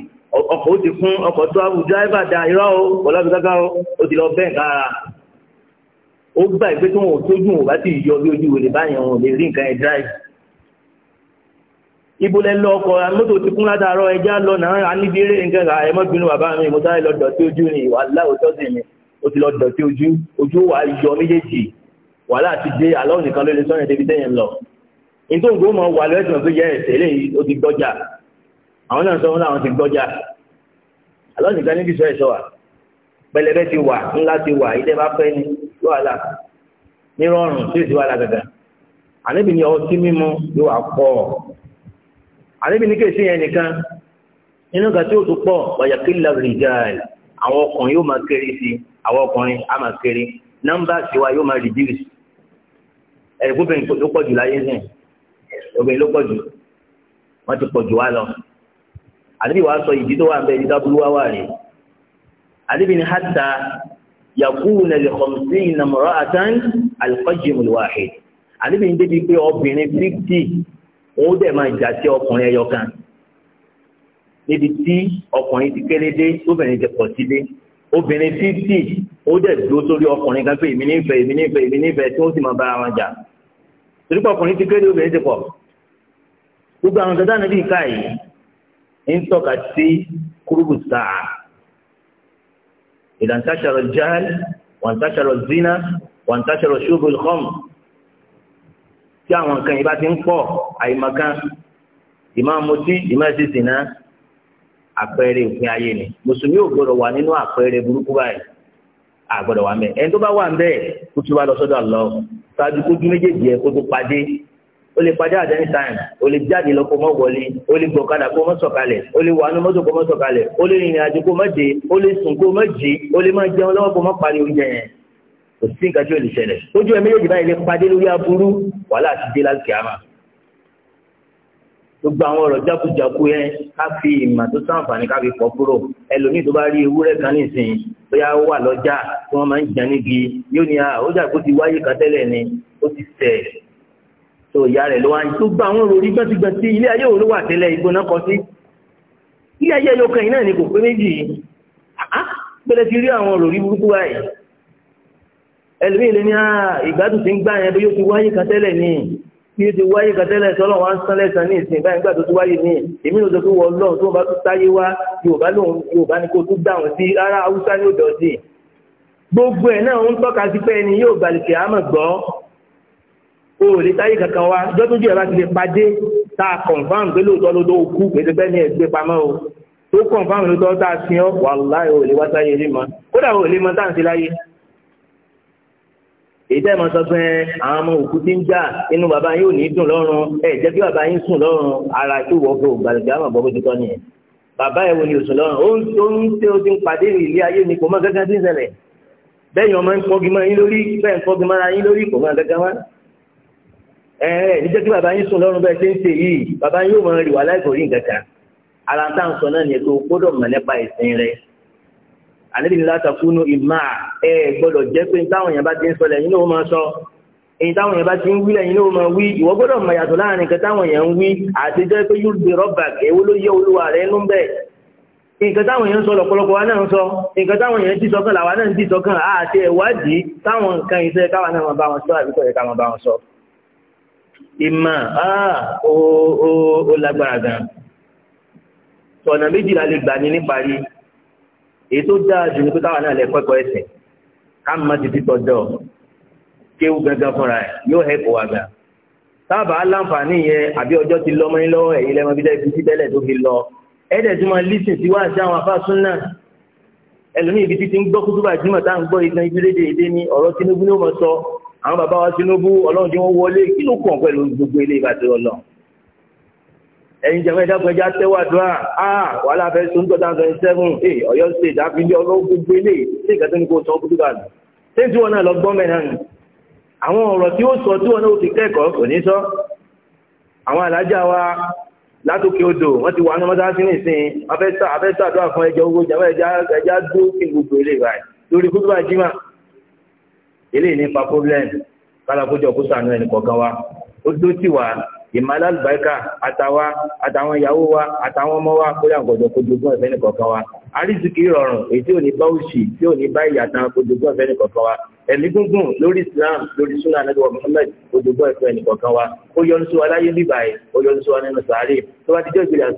ọkọ̀ ó ti kún ọkọ̀ tó àwọn dráìvà da irọ́ o ọlọ́dún kankan o ó ti lọ bẹ́ẹ̀ kára ó gbà ìpé tí wọn ò tójú wọn bá ti yọ bí ojú wèrè báyìí wọn ò lè rí nǹkan ẹ̀ dráìvì ibùlẹ̀ lọ ọkọ̀ mọ́tò ti kún látàárọ̀ ẹja lọ náà a níbi eré nǹkan rà ẹ mọ́bìnrin bàbá mi mo sáré lọ dọ̀tí ojú ni ìwà láwùjọ́ sì mi ó ti lọ dọ̀tí ojú ojú wà yọ méjèèjì wàhálà ti dé aláwọ̀ nìkan ló lè sọ́yìn débi tẹ́yìn lọ. nítorí òǹgbò mọ wà lẹ́sìn tó yẹ ẹ̀sẹ̀ eléyìí ó ti gbọ́jà àwọn náà sọ wọn láwọn ti gbọ́jà aláwọ̀ nìkan níbi sọ ẹ̀sọ́ wa pẹlẹbẹ ti wà ńlá ti wà ilé bá fẹ́ ni àníbi ní kèsì yẹn nìkan nínú nǹkan tí ó tún pọ̀ wàyàkìlá rìjáàl àwọn ọkùnrin yóò máa kéré sí àwọn ọkùnrin á máa kéré nọ́mbà tiwa yóò máa reduce ẹ̀rẹ̀kúnbìnrin ló pọ̀ jù láyé sìn obìnrin ló pọ̀ jù wọ́n ti pọ̀ jù wá lọ àníbi wàá sọ ìdí tó wà bẹ́ẹ̀ nígbà burú wá wà rè àníbi ní hàtà yakuna lè kọ̀mùsí ìnàmọ̀rọ̀ àtàn àlùkọ́jìmùlùwàhì àníbi ní débi pé obìnrin fíftì òun dẹ̀ máa jà sí ọkùnrin ẹyọ kan níbi tí ọkùnrin ti kéré dé obìnrin ti pọ̀ sí dé obìnrin fífì ó dẹ̀ dúró sórí ọkùnrin kan pé èmi nífẹ̀ẹ́ èmi nífẹ̀ẹ́ èmi nífẹ̀ẹ́ tí wọ́n sì máa bára wọn jà torí pé ọkùnrin ti kéré obìnrin ti pọ̀ gbogbo àwọn tata níbi ìka yìí ń tọ́ka sí kúrúbù sáà ìdàntàṣàrọ̀ jáàlì wàntàṣàrọ̀ zina wàntàṣàrọ̀ ṣubú ìkọ́mù tí àwọn nǹkan yìí bá ti ń pọ̀ àìmọ̀kan ìmọ̀ọ́mọtí ìmọ̀ọ́sísìnà àpẹẹrẹ òfin ayé ni mùsùlùmí ò gbọdọ̀ wà nínú àpẹẹrẹ burúkú báyìí àgbọdọ̀ wà mẹ́ ẹni tó bá wà ń bẹ́ẹ̀ kó tún bá lọ sọ́dọ̀ Allah ṣáájú kójú méjèèjì ẹ kó tó padé ó lè padé at any time ó lè jáde lọ kó mọ́ wọlé ó lè gbọ̀kadà kó mọ́ sọ̀kalẹ̀ ó lè wà mọ́tò kó mọ́ sọ̀kalẹ̀ ó lè rìnrìn àjò kó mọ́ dé ó lè sùn kó mọ́ jí ó lè má jẹun lọ́wọ́ kó mọ́ parí oúnjẹ kò sí nǹkan tí ò lè ṣẹlẹ̀ lójú ẹ méjèèjì báyìí lè padé lórí aburú wàhálà ti dé láti kíámà gbogbo àwọn ọ̀rọ̀ jákujàku yẹn ká fi ìmọ̀ tó ṣàǹfààní ká fi pọ̀ kúrò ẹlòmíì tó bá rí ewúrẹ́ kan nísìnyí bóyá ó wà lọ́jà tí wọ́n máa ń jẹ níbi yóò ní àwòjà kó ti wáyé kan ni ó ti tẹ̀ tó ìyá rẹ̀ ló wá ń tó gba àwọn òròrí gbẹ́sígbẹ́sí ilé ayé òun ló wà tẹ́lẹ̀ ìgbóná kan sí ilé ayé ẹyọ kan yìí náà ni kò pé méjì yìí pẹ̀lẹ́ ti rí àwọn òròrí ẹlòmí ilé ní ah, ìgbádùn tí ń gbà yẹn bí yóò ti wáyé kan tẹ́lẹ̀ ní bí yóò ti wáyé kan tẹ́lẹ̀ tọ́lọ̀ wá ń sán lẹ́sàn ní ìsìn báyìí nígbà tó ti wáyé ní èmi ò sọ pé wọ́n lọ́ọ̀ tó bá tún táyé wá Yorùbá lòun Yorùbá ni kó tún dáhùn sí rárá Haúsá ní òdò sí gbogbo ẹ̀ náà ń tọ́ka sí pé ẹni yóò gbàlùkì àmọ̀ gbọ́ o ò lè táyé kankan wá jọ́tún jẹ́ bá ti lè padé tá a kọ̀ǹfàm pé lóòótọ́ ló tó o tó kọ̀ǹfàm lóòótọ́ o ò lè èyí tẹ́ ẹ̀ máa sọ pé àwọn ọmọ òkú ti ń jà inú bàbá yín ò ní dùn lọ́rùn ẹ̀ jẹ́ kí bàbá yín sùn lọ́rùn ara tó wọ́ fún ògbàlejò àwọn àgbọ̀ bójú tọ́ nìyẹn bàbá ẹ̀ wo ni òsùn lọ́rùn ó ń tó ń tẹ o ti ń pàdé ilé ayé ni kò mọ gẹ́gẹ́ sí ìṣẹ̀lẹ̀ bẹ́ẹ̀ ọmọ ń fọ́gi mọ́ yín lórí bẹ́ẹ̀ ń fọ́gi mọ́ra yín lórí kò mọ gẹ́gẹ́ mọ́ ẹ̀ ẹ̀ níjẹ́ kí bàbá yín sùn lọ́rùn bẹ́ẹ̀ ṣe ń ṣe yìí bàbá yín yóò mọ rìn wà láì nǹkan kan ara táwọn sọ náà ni ètò gbọ́dọ̀ mọ̀ nípa ìsìn rẹ̀ àníbi ní láti kúnú ìmá ẹ gbọ́dọ̀ jẹ́ pé táwọn èèyàn bá ti ń sọ lẹ́yìn náà ó máa sọ èyí táwọn èèyàn bá ti ń wí lẹ́yìn náà ó máa wí ìwọ gbọ́dọ̀ mọ yàtọ̀ láàrin nǹkan táwọn èèyàn ń wí àti jẹ́ pé yóò gbé rọ́bà èwo ló yẹ olúwa rẹ̀ nú bẹ́ẹ̀ nǹkan táwọn èèyàn ń sọ lọ́pọ̀lọpọ̀ wa náà ń sọ nǹkan táwọn èèyàn ti sọkàn làwa náà ti sọkàn àti ẹ̀wádìí táwọn nǹkan iṣẹ́ káwa náà máa bá wọn sọ àbíkọ̀ yẹ ká bá wọn sọ. ìmọ̀ ó lágbára gan-an sọ̀nà méjìlá lè gbà ní níparí èyí tó dáa jù ní pípáwà náà lẹ́kọ̀ọ́kọ́ ẹ̀sìn ká má ti títọ́ dọ̀ kéwú gangan fúnra ẹ̀ yóò hẹ́pù wa gbà sábà aláǹfààní yẹn àbí ọjọ́ ti lọ mọ́yìn lọ́wọ́ ẹ̀yìn lẹ́mọ bí dẹ́bi sí tẹ́lẹ̀ tó fi lọ ẹ̀ẹ́dẹ̀ tí wọ́n lísìn sí wá sí àwọn afáàsún náà ẹlòmíì ibi títí ń gbọ́ kútúbà jímọ̀ tá à ń gbọ́ ìtàn ìdílédè èdè ni ọ̀rọ̀ Tinubu ni ó mọ̀ sọ àwọn bàbá wa Tinubu Ọlọ́run tí wọ́n wọlé kí ló kàn pẹ̀lú gbogbo ilé ìbàdàn Ọlọ́run ẹ̀yin jẹ́ ẹ̀dàkùn ẹja tẹ́wàdúrà àà wà láfẹ́ tó ń tọ́ta twenty seven ẹ̀ ọ̀yọ́ state àfihàn ọlọ́wọ́ gbogbo ilé tí ìkàtí ní kò sọ fún dúkà nù ṣé tí wọn náà lọ gbọ́n mẹ́rin nù àwọn ọ̀rọ̀ tí ó sọ tí wọn náà ti kẹ́kọ̀ọ́ kò ní sọ àwọn alájà wa látòkè odò wọn ti wà ní mọ́sáàsì nìsín afẹ́sà àdúrà fún ẹja owó jẹ́ ẹja dúró sí gbogbo ilé rà lórí kúkúrú àjímà ilé nípa problem kálákójọ kó sànú ẹnì kọ̀ọ̀kan wa ó dó tì wá ìmọ̀lá àlùbáríkà àtàwa àtàwọn ìyàwó wa àtàwọn ọmọ wa kó yàgò ọ̀dọ̀ kó jogún ẹ̀fẹ́ nìkọ̀ọ̀kan wa àrísìkì rọrùn èyí tí ò ní bá òṣì tí ò ní bá ìyàtàn kó jogún ẹ̀fẹ́ nìkọ̀ọ̀kan wa ẹ̀mí gúngùn lórí Islam lórí sunna anabi wa Muhammad kó jogún ẹ̀fẹ́ nìkọ̀ọ̀kan wa ó yọ́nú sí wa láyé bíbà yìí ó yọ́nú sí wa nínú sàárè tó bá ti jẹ́ ìgbìlẹ̀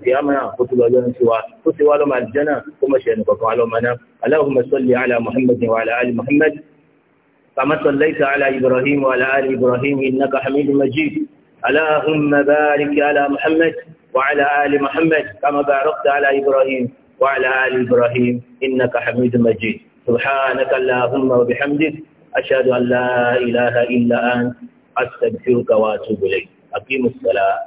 àti àmà على إبراهيم وعلى آل إبراهيم إنك حميد مجيد اللهم بارك على محمد وعلى آل محمد كما باركت على إبراهيم وعلى آل إبراهيم إنك حميد مجيد سبحانك اللهم وبحمدك أشهد أن لا إله إلا أنت أستغفرك وأتوب إليك أقيم الصلاة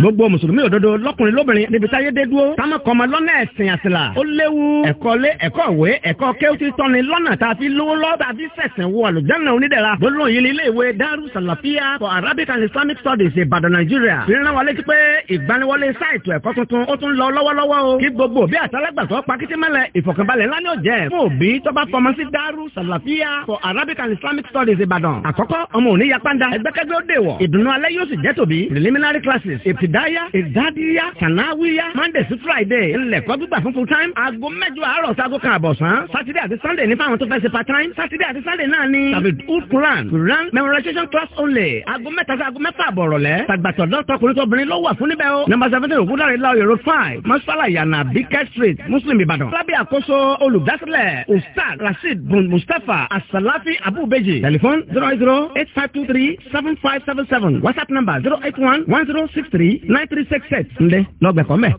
gbogbo mùsùlùmí òdodo lọkùnrin lóbìnrin níbi táyé dé dúró táwọn kan máa lọ́nà ẹ̀sìn àṣìlá ó léwu ẹ̀kọ́ lé ẹ̀kọ́ ìwé ẹ̀kọ́ kéwùtì tọ́ni lọ́nà tá a fi lówó lọ́ọ́ tá a fi sẹ̀sìn wo àlùjáná onídẹ̀ra gbólóhùn yìí ní ilé ìwé Daru Salafia for Arabic and Islamic Studies Ìbàdàn Nàìjíríà ìrìnà wa létí pé ìgbaniwọlé sáìtù ẹ̀kọ́ tuntun ó tún lọ lọ́wọ́lọ́wọ́ o kí gbogbo bí àtàlágbàsọ pakitimẹ́lẹ̀ ìfọ̀kànbalẹ̀ ńlá ni ó jẹ́ fún òbí tó bá fọmọ sí for Arabic and Islamic Studies Ìbàdàn àkọ́kọ́ ọmọ òní yapanda ẹlẹ́gbẹ́ ó dè wọ̀. ìdùnnú alẹ́ yóò sì jẹ́ tòbí. preliminary classes ìtìdáyà ìdádíyà kànáwíyà monday sí friday ńlẹ̀kọ́ gbígbà fún full time. aago mẹ́jọ àárọ̀ sago kan àbọ̀sán. saturday àti sunday ní fáwọn tó fẹ́ ṣe part time. saturday àti sunday náà ni. tàbí old quran quran memorization class only. aago mẹ́ta sí aago mẹ́fà àbọ̀rọ̀ lẹ́. tàgbàtọ̀ dọ́tọkùnrin tóbìnrin ló wà fún níbẹ̀ o. number seventeen ògúndàrí láòyè road five masfala yana bikẹ́ street muslim ìbàdàn. lábẹ́ àkóso olùdásílẹ̀ ustaz rasheed bun mustapha asalafi abubeji. telephone zero eight zero eight five two three seven. 7577 WhatsApp number 081 1063 9368 ǹdẹ́ lọ́gbẹ̀kọ́ mẹ́.